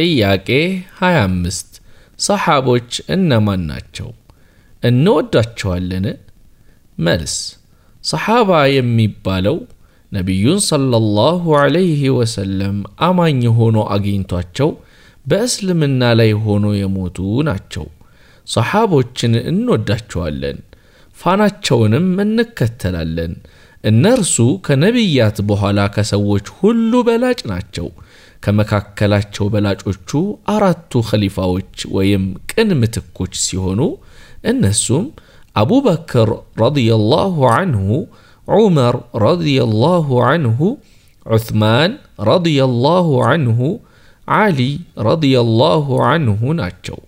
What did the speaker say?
ጥያቄ 25 ሰሓቦች እነማን ናቸው? እንወዳቸዋለን? መልስ ሰሓባ የሚባለው ነቢዩን ሰለላሁ ዐለይሂ ወሰለም አማኝ ሆኖ አግኝቷቸው በእስልምና ላይ ሆኖ የሞቱ ናቸው። ሰሓቦችን እንወዳቸዋለን፣ ፋናቸውንም እንከተላለን። እነርሱ ከነቢያት በኋላ ከሰዎች ሁሉ በላጭ ናቸው። ከመካከላቸው በላጮቹ አራቱ ኸሊፋዎች ወይም ቅን ምትኮች ሲሆኑ እነሱም አቡበክር ረዲየላሁ አንሁ፣ ዑመር ረዲየላሁ አንሁ፣ ዑትማን ረዲየላሁ አንሁ፣ ዓሊ ረዲየላሁ አንሁ ናቸው።